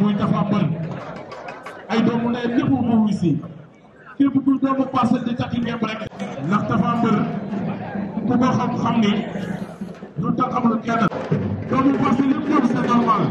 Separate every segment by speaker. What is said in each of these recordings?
Speaker 1: muy Tapha Mbeur ay doomu ndey ñëpp mu wuy
Speaker 2: képp ku doomu Parcelles di takki ngemb rek ndax Tapha ku ko xam-xam ni du taxawlu kenn doomu Parcelles yëpp ñoom c'est normal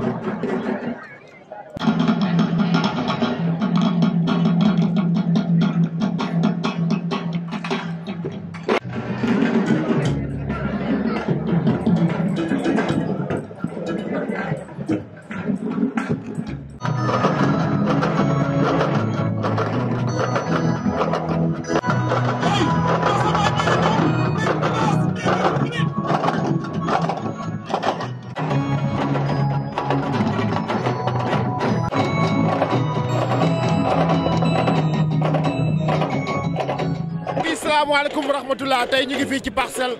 Speaker 1: asalaamaaleykum wa rahmatulah tey ñu ngi fii ci parcelle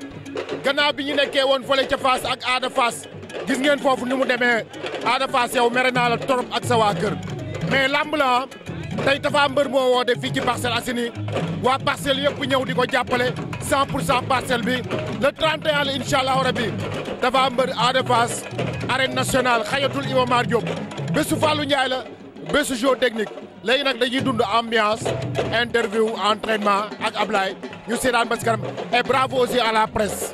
Speaker 1: gannaaw bi ñu nekkee woon fële ca Fass ak Ada Fass gis ngeen foofu ni mu demee Ada Fass yow mere naa la torop ak sa waa kër mais làmb la tey Tapha mbër moo de fii ci Parcelles Assainies waa Parcelles yëpp ñëw di ko jàppale 100 cent parcelle bi le 31 la incha allahu rabi Tapha Mbeur Ada Fass arène nationale xayatul Iba Mar Diop bésu Fallou Ndiaye la bésu jeu technique léegi nag dañuy dund ambiance interview entraînement ak Ablaye ñu seetaan ba si kanam et bravo à la presse.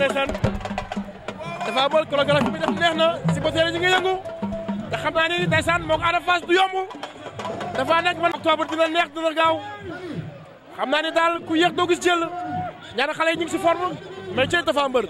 Speaker 1: ndeysaan dafa bool chorégraphie bi def neex na si ba teel ñi nga yëngu
Speaker 2: te xam naa ni ndeysaan moo ko Ada Fass du yomb dafa nekk man octobre dina neex dina gaaw xam naa ni daal ku yéex doo gis jël ñaari xale yi ñu ngi si forme mais cey dafa mbër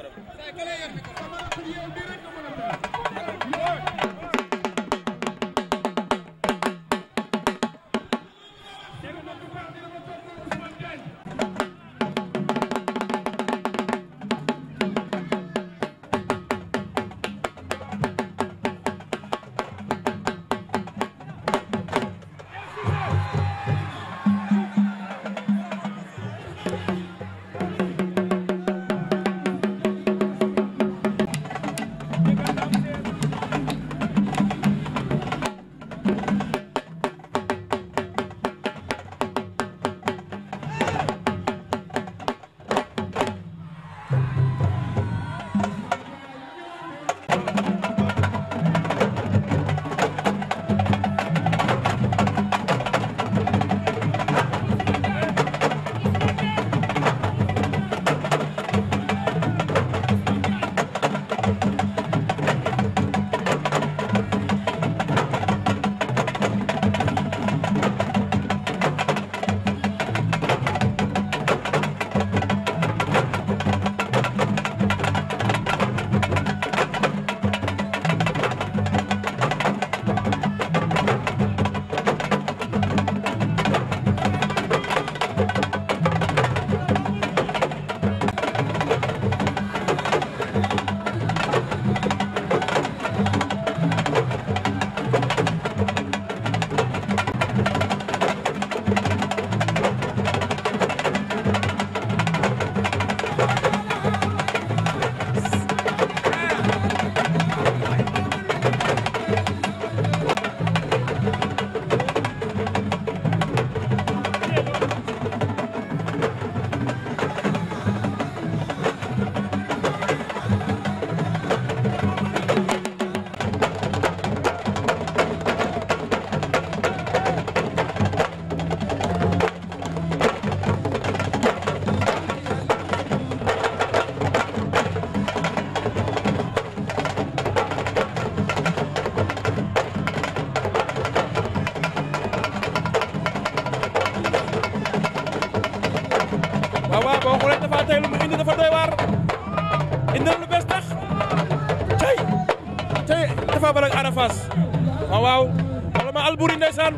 Speaker 2: Fass waaw waaw wala ma Albouri ndeysaan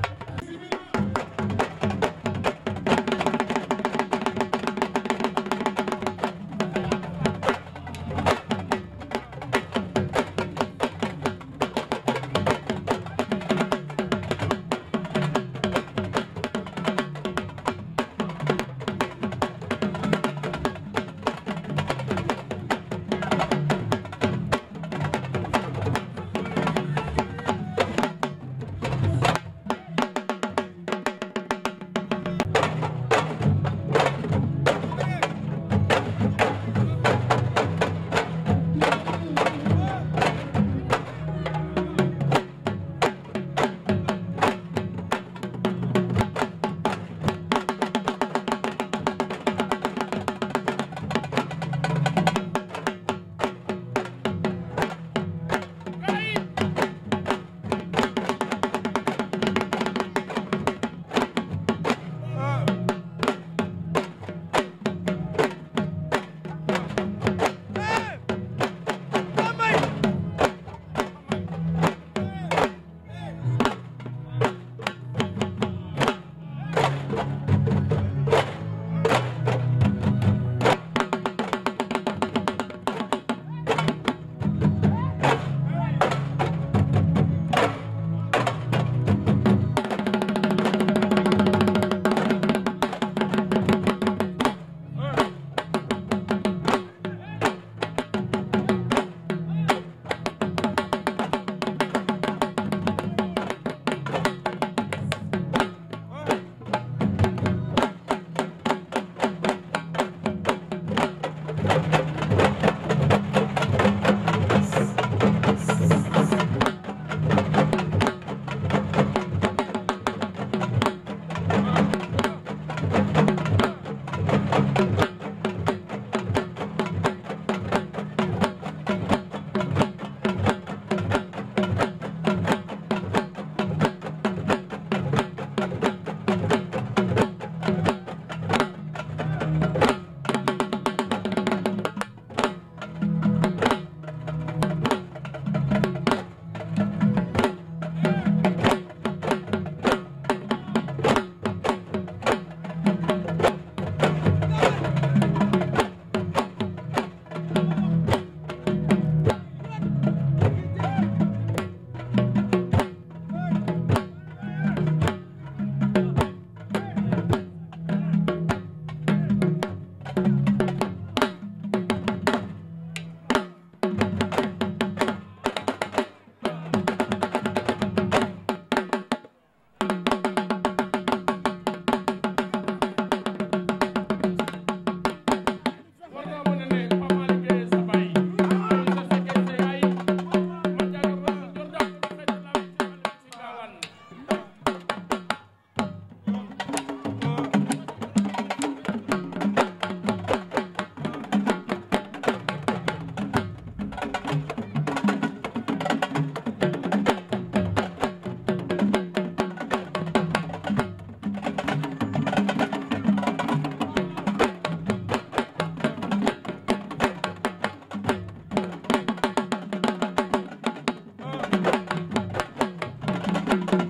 Speaker 2: thank you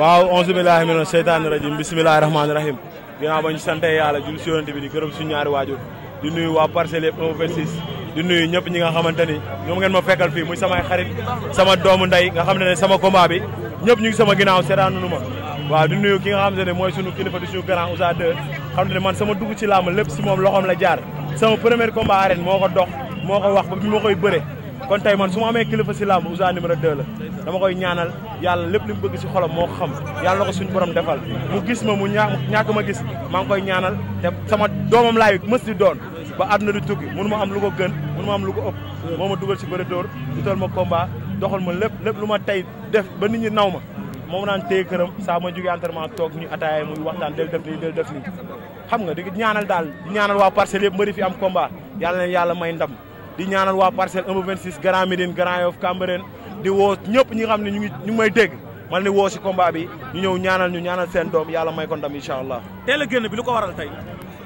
Speaker 2: waaw onze billahi mina seytaani rajim bisimilahi rahmaani rahim ginnaaw bañ sante yàlla jul si yonent bi di gërëm suñu ñaari di nuyu waa parcelle yëpp di nuyu ñëpp ñi nga xamante ni ñoom ngeen ma fekkal fii muy samay xarit sama doomu ndey nga xam ne sama combat bi ñëpp ñu ginnaaw seetaanu waaw di nuyu ki nga xamante ne mooy sunu kilifa di suñu grand Ousa 2 xam ne man sama dugg ci làmb lépp si moom loxoom la jaar sama premier combat arène moo ko dox moo ko wax ba bi ma koy bëre kon tey man su ma amee kilifa si làmb Ouza numéro a la dama koy ñaanal yàlla lépp li mu bëgg si xolam moo xam yàlla na ko suñu borom defal mu gis ma mu ñàkk ma gis maa ngi koy ñaanal te sama doomam laay mës di doon ba àdduna di tukki mënu ma am lu ko gën mënu am lu ko ëpp moo ma dugal si bëri dóor dutal ma combat doxal ma lépp lépp lu ma tey def ba nit ñi naw ma moom naan téye këram saa ma jógee entraînement toog ñu ataaya muy waxtaan del def nii del def nii xam nga di ñaanal daal ñaanal waa parcelle yëpp mbëri fi am combat yàlla yàlla may ndam di ñaanal waa parcelle 1 ba 26 Grand Médine Grand Yoff Cambérène di woo ñëpp ñi xam ne ñu ngi ñu may dégg man ni woo si combat bi ñu ñëw ñaanal ñu ñaanal seen doom yàlla may ko ndam incha allah.
Speaker 1: génn bi lu ko waral tey.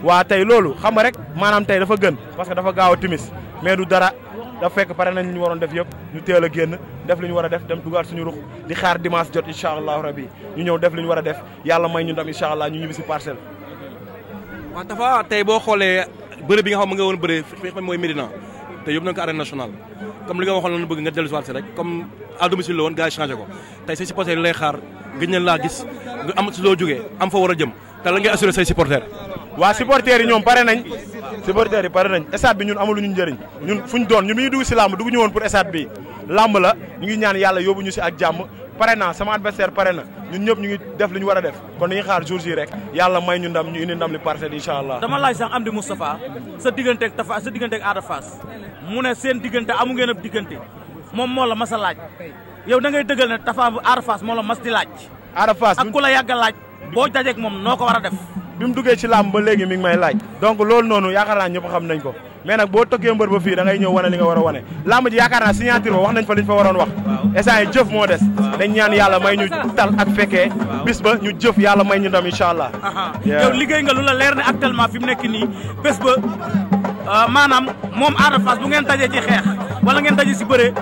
Speaker 2: waa tey loolu xam nga rek maanaam tey dafa gën parce que dafa gaaw a timis mais du dara da fekk pare nañ li ñu waroon def yëpp ñu teel a génn def li ñu war a def dem dugaat suñu rux di xaar dimanche jot incha allah rabi ñu ñëw def li ñu war a def yàlla may ñu ndam incha allah ñu ñibbi si parcelle. waaw dafa tey boo xoolee bëre bi nga xam ne nga woon bëre fi mooy Médina te yóbbu nañ ko arène nationale comme li nga waxoon lan bëgg nga dellu si waat si rek comme à domicile la woon gars yi changé ko tey say supporters lay xaar gëj laa gis am si loo jógee am fa war a jëm te la ngay assuré say supporters waa supporters yi ñoom pare nañ supporters yi pare nañ stade bi ñun amul ñu njëriñ ñun ñu doon ñun bi ñu dugg si làmb dugg ñu woon pour stade bi làmb la ñu ngi ñaan yàlla yóbbu ñu si ak jàmm pare naa sama adversaire pare na ñun ñëpp ñu ngi def li ñu a def kon dañuy xaar jours yi rek yàlla may ñu ndam ñu indi ndam li parcelle incha allah. dama
Speaker 1: laaj sax Amdi Moustapha sa digganteeg Tafa sa digganteeg Ada mu ne seen diggante amu ngeen ab diggante moom moo la mas a laaj yow da ngay dëggal ne Tafa Ada Fass moo la mas di laaj. Ada Fass ak la yàgg a laaj boo dajeeg moom noo ko war a def.
Speaker 2: bi mu duggee ci ba léegi mi may laaj. donc loolu noonu yaakaar ko mais nag boo tokkee mbër a waroon wax instant yi jëf moo des dañ ñaan yàlla may ñu tal ak fekkee bis ba ñu jëf yàlla may ñu ndam incha allah yow
Speaker 1: liggéey nga lu la leer ne actuellement fi mu nekk nii bés ba euh, maanaam moom Ada Fass bu ngeen dajee ci xeex wala ngeen dajee si
Speaker 2: bëre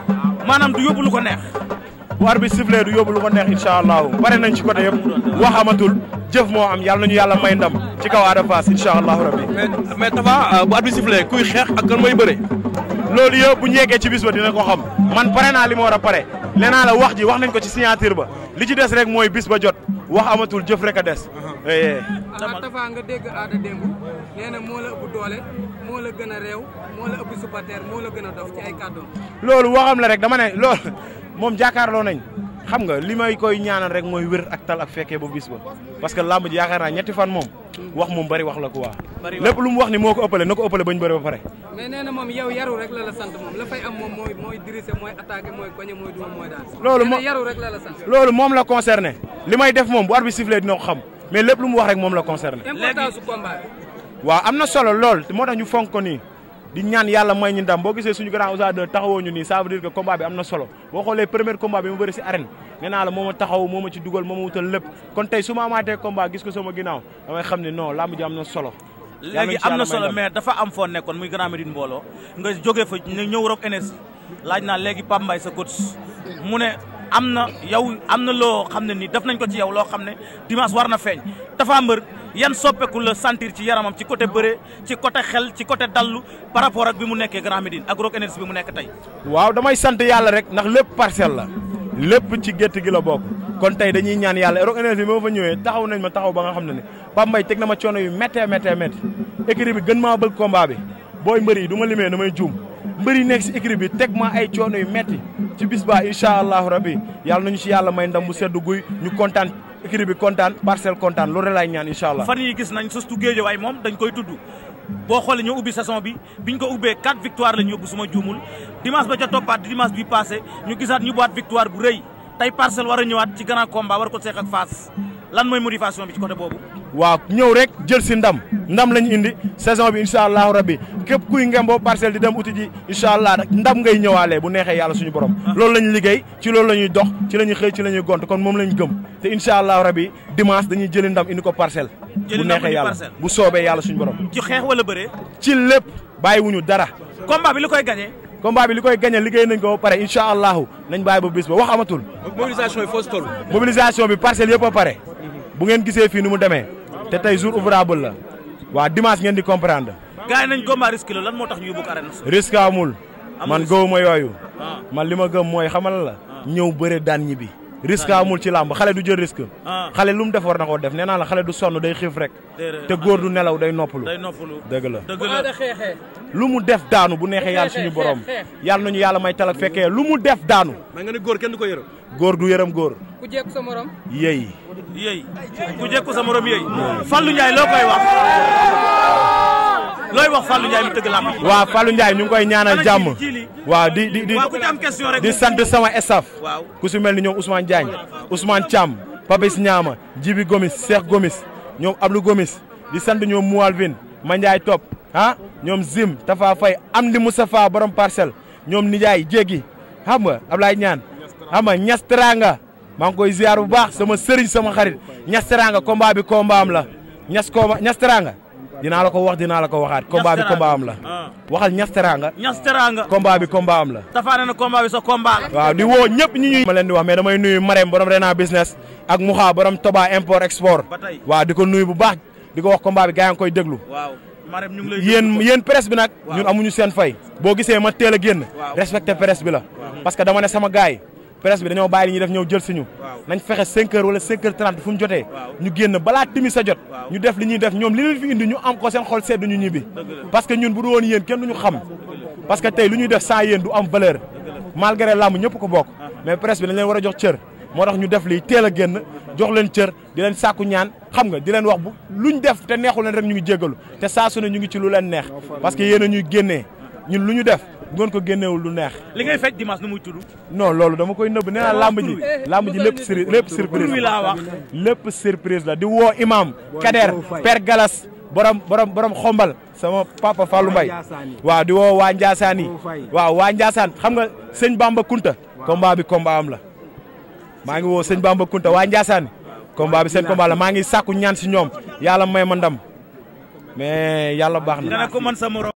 Speaker 2: maanaam du yóbbu lu ko neex bu arbi sifflé du yóbbu lu ko neex incha allahu bare nañ ci côté yëpp wax amatul jëf moo am yàlla nañu yàlla may ndam ci kaw Ada Fass incha allahu rabbi mais Tapha euh, bu arbi sifflé kuy loolu yëpp bu ñu ci bis ba dina ko xam man pare naa li ma war a pare nee naa la wax ji wax nañ ko ci signature ba li ci des rek mooy bis ba jot wax amatul jëf rek a des. Eh, eh.
Speaker 1: ana Tapha nga dégg aada démb nee na moo la ëpp doole moo la gën a réew moo la ëpp supporter moo la gën a dof ci ay kàddoom.
Speaker 2: loolu waxam la rek dama ne loolu moom jàkkaarloo nañ. xam nga li may koy ñaanal rek mooy wér ak tal ak fekkee ba bis ba parce que làmb ji yaakaar naa ñetti fan moom wax moom bari wax la quoi lépp lu mu wax ni moo ko ëppale na ko ëppale bañ bëri ba pare
Speaker 1: moom yow yaru moom la fay am moom mooy mooy dirigé mooy attaqué loolu
Speaker 2: moom la la sant concerné li may def moom bu arbitre sifflé dina ko xam mais lépp lu mu wax rek moom la concerné importance su waaw am na solo lool moo tax ñu fonk nii di ñaan yàlla may ñu boo gisee suñu grand Ouza 2 taxawoo ñu nii ça veut dire bi am na solo boo xoolee premier combat bi mu bëri si arène nee naa la moo ma taxaw moo ma ci dugal moo ma wutal lépp kon tey su ma amaatee gis ko sama ginnaaw am na solo léegi am na solo mais
Speaker 1: dafa am foo nekkoon muy Grand Médine mbooloo nga jógee fa ñëw Rock Énergie laaj naa léegi Pape Mbaye sa coach mu ne am na yow am na loo xam ne nii def nañ ko ci yow loo xam ne dimanche war na feeñ dafa mbër yan soppeeku la sentir ci yaramam ci côté bëre ci côté xel ci côté dallu par rapport ak bi mu nekkee Grand Médine ak Rock Énergie bi mu nekk tey.
Speaker 2: waaw damay sant yàlla rek ndax lépp parcelle la lépp ci gétt gi la bokk kon tey dañuy ñaan yàlla Rock Énergie bi ma fa ñëwee taxaw nañ ma taxaw ba nga xam ne ni Pape Mbaye teg na ma coono yu méttee méttee métti bi gën maa bëgg combat bi booy mbëri yi du ma limee damay juum. mbër yi nekk si écurie bi teg ma ay coono yu metti ci bis ba incha allahu rabi yàlla nañu si yàlla may ndam bu seddu guy ñu kontaan équipe bi kontaan parcelle kontaan loolu laay ñaan incha allah.
Speaker 1: fan yi gis nañ surtout Guédiawaye moom dañ koy tudd boo xoolee ñu ubbi saison bi bi biñ ko ubbee quatre victoire lañ yóbbu suma juumul dimanche ba ca toppaat dimanche bi passé ñu gisaat ñu boîte victoire bu rëy tey parcelle war a ñëwaat ci grand combat war ko seex ak Fass. lan mooy motivation bi ci côté boobu.
Speaker 2: waaw ñëw rek jël si ndam ndam lañu indi saison bi incha allahu rabbi képp kuy ngemboo parcelle di dem uti ji incha allah ndam ngay ñëwaalee bu neexee yàlla suñu borom. Ah. loolu lañu liggéey ci loolu la ñuy dox ci la ñuy xëy ci la ñuy gont kon moom la ñu gëm te incha allahu rabbi dimanche dañuy jëli ndam indi ko parcelle. bu neexee yàlla bu soobee yàlla suñu borom. ci xeex wala bëree. ci lépp bàyyiwuñu dara. combat bi li koy gagné. combat bi li koy gagné liggéey nañ ko ba pare incha allahu nañ bàyyi ba bis ba wax amatul. mobilisation bi foo si toll. mobilisation yëpp a pare. bu ngeen gisee fii nu mu demee. te tey jour ouvrable la. waa dimanche ngeen di comprendre.
Speaker 1: gars yi nañ combat risque la lan moo tax ñu bëgg arène. risque
Speaker 2: amul. man gëwuma yooyu. Ah. man li ma gëm mooy xamal la. Ah. ñëw bëre daan ñibbi. risque amul ci làmb xale du jël risque. Ah. xale lu mu def war na koo def nee naa la xale du sonn day xiif rek. te góor du nelaw day noppalu. day noppalu dëgg la dëgg
Speaker 1: la
Speaker 2: lu mu def daanu bu neexee yàlla suñu borom. yàlla nañu yàlla may talak fekkee lu mu def daanu. mais nga ne góor kenn du ko yërëm. góor du yërëm góor.
Speaker 1: ku jékku sa morom. yéy. yéy ku jékku sa morom yéy. Fallou Ndiaye loo koy wax. looy wax Fallou Ndiaye mi tëgg
Speaker 2: ñu ngi koy ñaanal jàmm waaw di di di sant sama staff ku si mel ni ñoom Ousmane Diagne Ousmane Thiam Papis Ñaama Jibi Gomis Cheikh Gomis ñoom Abdou Gomis di sant ñoom Moualvin Mandiaye Top ah ñoom Zim Tafa Faye Amdi Moustapha borom parcelle ñoom Nijaay Jéggi xam nga Ablaye Ñaan xam nga Ñas Teranga maa ngi koy ziar bu baax sama sëriñ sama xarit Ñas Teranga combat la Ñas combat dinaa la ko wax dinaa la ko waxaat. Ah. combat bi combat am la. waxal ñas teraanga. ñas teraanga. la.
Speaker 1: tafaane na combat sa combat la. waaw di
Speaker 2: woo ñëpp ñi ñuy. ma leen di wax mais damay nuyu Marème borom Rena business ak Mouha borom Toba import export. waaw di ko nuyu bu baax di ko wax combat bi gaa ngi koy déglu. waaw Marème ñu ngi lay yéen yéen presse bi nag. ñun amuñu seen fay. boo gisee ma teel a génn. respecté presse bi la. parce que dama ne sama gaay presse bi dañoo bàyyi li ñuy def ñëw jël suñu nañ fexe 5 heures wala 5 heures 30 fu jotee ñu génn balaa timi sa jot ñu def li ñuy def ñoom li leen fi indi ñu am ko seen xol seddu ñu ñibbi ñun bu du woon yéen kenn duñu xam parce que tey lu ñuy def sans yéen du am valeur malgré làmb ñëpp ko bokk ah. mais presse bi dañ leen war a jox cër moo tax ñu def li teel a génn joxleen leen cër di leen sàkku ñaan xam nga di leen wax bu lu ñu def te neexul leen rek ñu ngi jégalu te saa su ñu ngi ci lu leen neex parce que yéen a ñuy génnee ñun lu ñu def bu ngeen ko génneewul du neex. li ngay fecc dimanche nu loolu dama koy nëbb nee naa làmb ji. làmb ji lépp lépp surprise la di woo imam Kader Père Galas borom borom xombal sama papa Fallou Mbaye waaw di woo waa Ndiassane waaw waa Ndiassane xam nga sëñ Bamba Kunta combat bi combat la maa ngi woo sëñ Bamba Kunta waa Ndiassane combat bi seen la maa ngi sàkku ñaan si ñoom yàlla may ma ndam mais yàlla
Speaker 1: baax na.